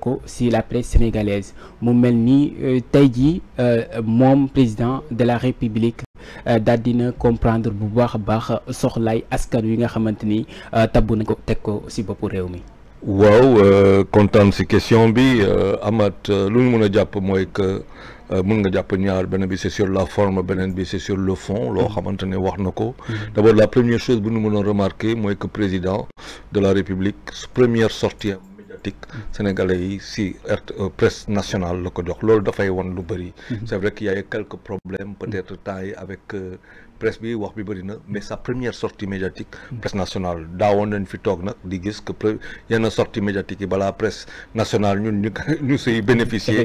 ko si la presse sénégalaise mu melni ni euh, tey euh, mom président de la république euh, dal dina comprendre bu baax a baax à askan wi nga xamanteni tabu nako tek ko si boppu réew mi. waaw kontaan si question bi amat lu ñu mën a que mën nga japp ñaar benn bi c'est sur la forme benen bi c'est sur le fond lo mm-hmm. xamanteni wax nako mm-hmm. d'abord la première chose bu ñu mën remarquer moy que président de la république première sortie démocratique sénégalais si eh, presse nationale loko jox lolou da fay won lu bari c'est mhm. vrai qu'il y a quelques problèmes mhm. peut-être taille avec presse bi wax bi bari na mais sa première sortie médiatique presse nationale daawoon nañ fi tok nag di gis que yena sortie médiatique bala presse nationale ñun ñu ñu bénéficié bénéficier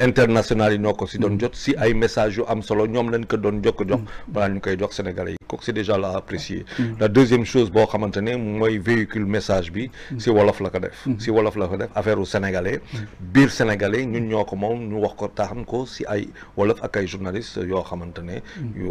international yi ñoo ko si mm. jot si ay message yu am solo ñom lañ ko doon jokk jox mm. balaa ñu koy jox sénégalais yi c'est déjà la apprécier mm. la deuxième chose bo xamante moy moi véhicule message bi c'est wolof la ko def si wolof la ko def affaire au sénégalais bir sénégalais ñun ñoko mom ñu wax ko taxam ko si ay wolof ak ay journalistes yoo xamante yu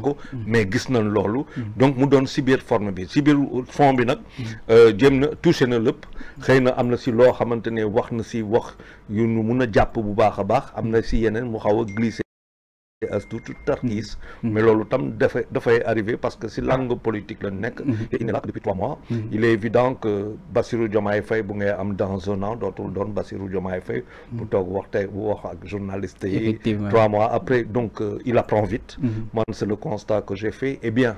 togg mm-hmm. mais gis nañ loolu mm-hmm. donc mu doon si biir forme bi si biir fond bi nag mm-hmm. euh, jéem na touché na lépp xëy na am na si loo xamante ne wax na si wax yu nu mun a jàpp bu baax a baax am na si yeneen mu xaw a glissé as tout tartise mm-hmm. mm-hmm. mais lolu tam da fay arriver parce que si mm-hmm. langue politique la nek et il est là depuis trois mois il est évident que Basirou Diomaye Faye bu ngay am dans un an don. Basirou Bassirou Diomaye Faye pour tok wax tey wax ak journaliste yi trois mois après donc euh, il apprend vite Moi, c'est le constat que j'ai fait et eh bien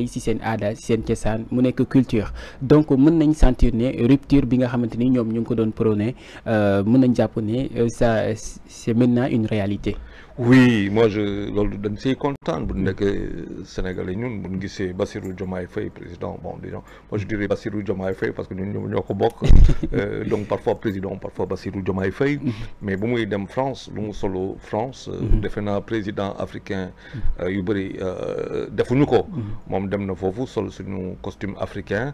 si si une Ada, si un culture donc mon nañ sentir une rupture bi nga rupture, ni ñu euh, euh, ça c'est maintenant une réalité oui moi je suis content, de dire sénégalais ñun président bon disons moi je dirais Bassirou Diomaye parce que nous sommes euh, donc parfois président parfois Bassirou Diomaye Faye mm-hmm. mais bu France solo France euh, mm-hmm. Défendre président africain mm-hmm. euh, yu bëri defuñu ko costume africain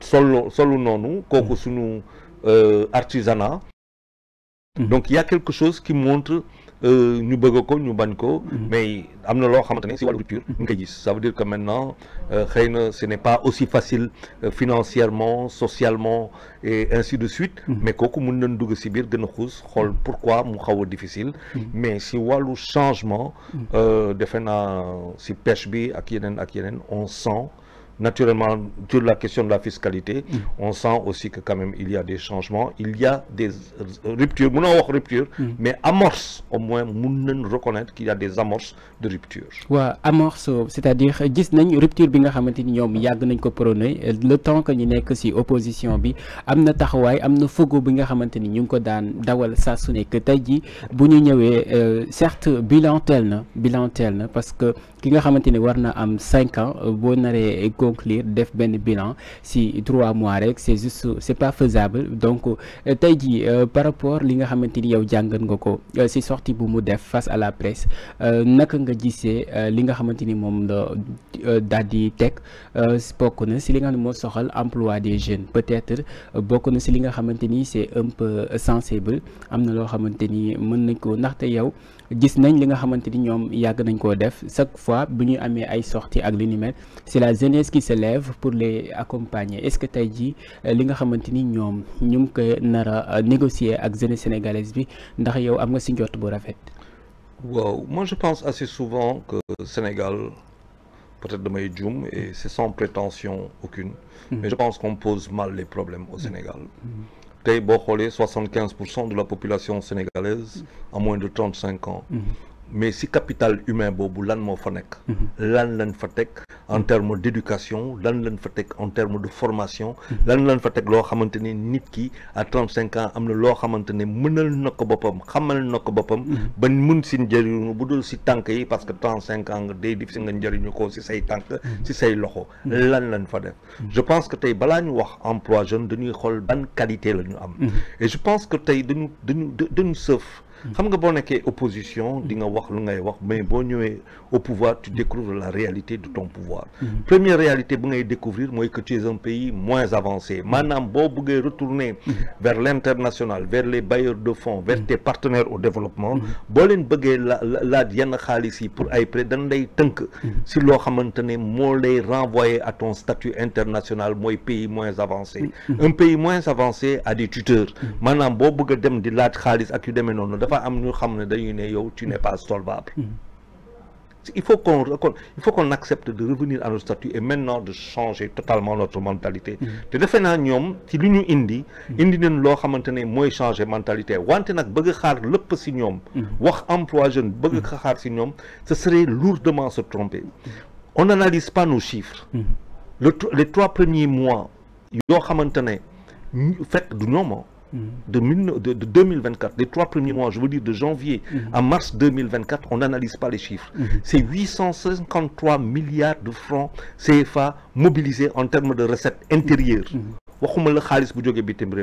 solo nous, noonu sunu euh artisanat mm-hmm. donc il y a quelque chose qui montre nous euh, bëgg ko ñu mm-hmm. mais amna lo loo ci walu si wàllu culture gis ça veut dire que maintenant euh, ce n'est pas aussi facile euh, financièrement socialement et ainsi de suite mm-hmm. mais beaucoup, mën nañ ne ci bir a pourquoi mu xawa difficile mais si walu changement le defena si pêche bi ak on sent naturellement, sur la question de la fiscalité, mm. on sent aussi que quand même il y a des changements, il y a des euh, ruptures, rupture, mm. mais amorce au moins, nous reconnaître qu'il y a des amorces de rupture. Oui, amorce, c'est-à-dire, une rupture, le temps que nous sommes si opposition, bi amna taxaway amna fogo bi nga xamanteni ñu ko daan dawal sa su que tay ji bu ñu ñëwé euh, certes bilan tel na bilan tel na parce que ki nga xamanteni warna am 5 ans bo naré conclure def ben bilan si trois mois rek c'est juste c'est pas faisable donc euh, tey dit euh, par rapport li nga xamanteni ni yow jàngat nga ko euh, si sortie bu mu def face à la presse nak nga gissé li nga xamanteni ni moom la daal di teg na li nga soxal emploi des jeunes peut-être beaucoup na si li nga xamanteni ni un peu sensible amna lo xamanteni meun ni mën nañ ko ndaxte yow gis nañ li nga xamanteni ni yag nañ ko def chaque fois bu ñu amé ay sortie ak li ni mel c'est la jeunesse qui lèvent pour les accompagner est-ce que tu as dit, que nous avons négocié avec ko euh, négocier moi je pense assez souvent que le Sénégal peut-être damay et c'est sans prétention aucune. Mm-hmm. mais je pense qu'on pose mal les problèmes au Sénégal. 75% mm-hmm. 75% de la population sénégalaise a moins de 35 ans. Mm-hmm mais si capital humain bobu lan mo fa nek lan lan fa tek en terme d'éducation lan lan fa tek en terme de formation lan lan fa tek lo xamanteni nit ki à trente cinq ans amna lo xamanteni meunal nako bopam xamal nako bopam boppam mun si njëriñu bu dul yi parce que trente cinq ans nga day difficile nga njëriñu ko ci say tank ci say loxo lan lan fa def je pense que tay balaa ñu wax emploi jeune dañuy xol ban qualité la ñu am et je pense que de dañu dañu dañu seuf xam nga boo nekkee opposition di nga wax lu ngay wax mais bo ñëwé au pouvoir tu découvres la réalité de ton pouvoir mhm. première réalité bu ngay découvrir moy que tu es un pays moins avancé Manam bo bëggé retourner mhm. vers l'international vers les bailleurs de fonds vers mhm. tes partenaires au développement bo leen bëggé la yenn pour ay prêt dañ lay tënk si lo xamantene mo lay renvoyer à ton statut international moy pays moins avancé un pays moins avancé a des tuteurs Manam bo bëgg dem di laaj xaalis ak yu demee nonu dafa am ñu xam dañuy ne yow tu n'es pas solvable mm-hmm. il faut qu'on il faut qu'on accepte de revenir à nos statuts et maintenant de changer totalement notre mentalité de mm-hmm. defe naa ñoom ci li ñu indi mm-hmm. indi nañ loo xamante ne changer mentalité Wanté nag bëgg xaar lépp si wax emploi jeune bëgg xaar ce serait lourdement se tromper on n'analyse pas nos chiffres les trois premiers mois yoo xamante ne fait du nom de, 2024, des trois premiers mois, je veux dire de janvier à mars 2024, on n'analyse pas les chiffres. Mhm. C'est 853 milliards de francs CFA mobilisés en termes de recettes intérieures. 853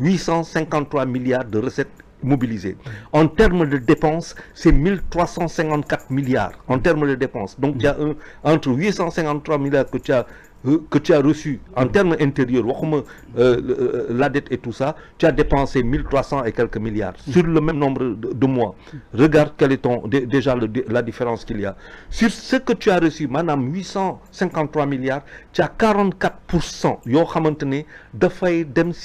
mhm. mhm. milliards de recettes mobilisées en termes de dépenses c'est 1354 milliards en termes de dépenses donc il y a entre 853 milliards que tu as euh, que tu as reçu en termes intérieurs, euh, euh, la dette et tout ça, tu as dépensé 1300 et quelques milliards sur le même nombre de, mois. Regarde quelle est ton, déjà la différence qu'il y a. Sur ce que tu as reçu, madame, 853 milliards, tu as 44% de